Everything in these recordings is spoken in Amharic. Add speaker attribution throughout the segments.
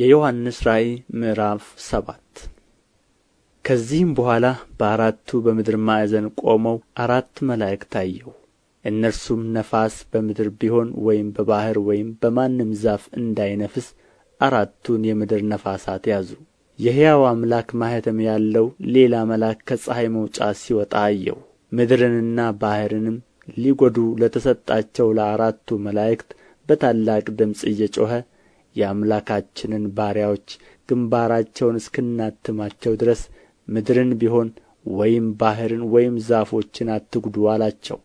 Speaker 1: የዮሐንስ ራእይ ምዕራፍ ሰባት ከዚህም በኋላ በአራቱ በምድር ማዕዘን ቆመው አራት መላእክት አየሁ። እነርሱም ነፋስ በምድር ቢሆን ወይም በባሕር ወይም በማንም ዛፍ እንዳይነፍስ አራቱን የምድር ነፋሳት ያዙ። የሕያው አምላክ ማኅተም ያለው ሌላ መልአክ ከፀሐይ መውጫ ሲወጣ አየሁ። ምድርንና ባሕርንም ሊጐዱ ለተሰጣቸው ለአራቱ መላእክት በታላቅ ድምፅ እየጮኸ የአምላካችንን ባሪያዎች ግንባራቸውን እስክናትማቸው ድረስ ምድርን ቢሆን ወይም ባሕርን ወይም ዛፎችን አትጉዱ አላቸው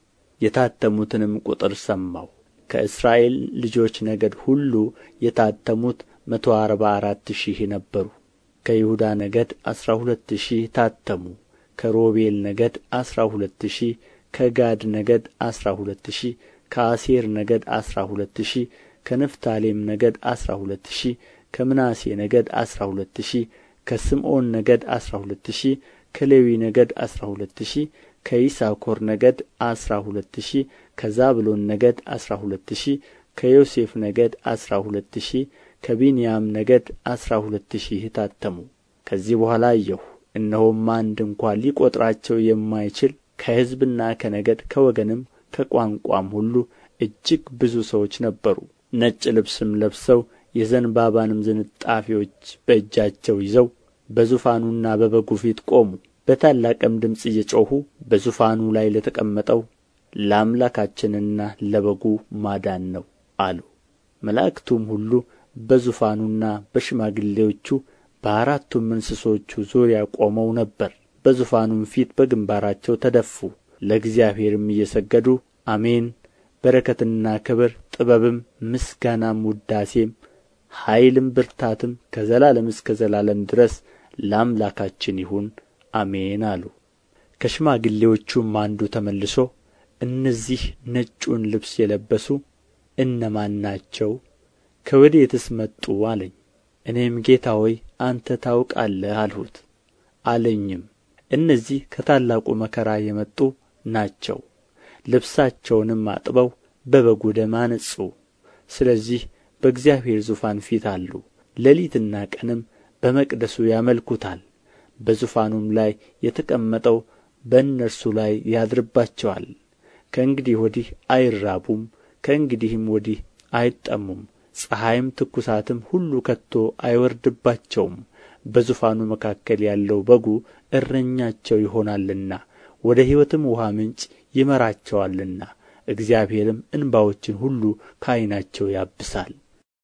Speaker 1: የታተሙትንም ቍጥር ሰማሁ ከእስራኤል ልጆች ነገድ ሁሉ የታተሙት መቶ አርባ አራት ሺህ ነበሩ ከይሁዳ ነገድ አሥራ ሁለት ሺህ ታተሙ ከሮቤል ነገድ አሥራ ሁለት ሺህ ከጋድ ነገድ አሥራ ሁለት ሺህ ከአሴር ነገድ አሥራ ሁለት ሺህ ከንፍታሌም ነገድ አሥራ ሁለት ሺህ ከምናሴ ነገድ አሥራ ሁለት ሺህ ከስምዖን ነገድ አሥራ ሁለት ሺህ ከሌዊ ነገድ አሥራ ሁለት ሺህ ከይሳኮር ነገድ አሥራ ሁለት ሺህ ከዛብሎን ነገድ አሥራ ሁለት ሺህ ከዮሴፍ ነገድ አሥራ ሁለት ሺህ ከቢንያም ነገድ አሥራ ሁለት ሺህ ታተሙ። ከዚህ በኋላ አየሁ፣ እነሆም አንድ እንኳ ሊቈጥራቸው የማይችል ከሕዝብና ከነገድ ከወገንም ከቋንቋም ሁሉ እጅግ ብዙ ሰዎች ነበሩ። ነጭ ልብስም ለብሰው የዘንባባንም ዝንጣፊዎች በእጃቸው ይዘው በዙፋኑና በበጉ ፊት ቆሙ በታላቅም ድምፅ እየጮኹ በዙፋኑ ላይ ለተቀመጠው ለአምላካችንና ለበጉ ማዳን ነው አሉ። መላእክቱም ሁሉ በዙፋኑና በሽማግሌዎቹ በአራቱም እንስሶቹ ዙሪያ ቆመው ነበር። በዙፋኑም ፊት በግንባራቸው ተደፉ፣ ለእግዚአብሔርም እየሰገዱ አሜን በረከትና ክብር ጥበብም ምስጋናም ውዳሴም ኃይልም ብርታትም ከዘላለም እስከ ዘላለም ድረስ ለአምላካችን ይሁን አሜን አሉ ከሽማግሌዎቹም አንዱ ተመልሶ እነዚህ ነጩን ልብስ የለበሱ እነማን ናቸው ከወዴትስ መጡ አለኝ እኔም ጌታ ሆይ አንተ ታውቃለህ አልሁት አለኝም እነዚህ ከታላቁ መከራ የመጡ ናቸው ልብሳቸውንም አጥበው በበጉ ደም አነጹ ስለዚህ በእግዚአብሔር ዙፋን ፊት አሉ ሌሊትና ቀንም በመቅደሱ ያመልኩታል በዙፋኑም ላይ የተቀመጠው በእነርሱ ላይ ያድርባቸዋል ከእንግዲህ ወዲህ አይራቡም ከእንግዲህም ወዲህ አይጠሙም ፀሐይም ትኩሳትም ሁሉ ከቶ አይወርድባቸውም በዙፋኑ መካከል ያለው በጉ እረኛቸው ይሆናልና ወደ ሕይወትም ውኃ ምንጭ ይመራቸዋልና እግዚአብሔርም እንባዎችን ሁሉ ከዓይናቸው ያብሳል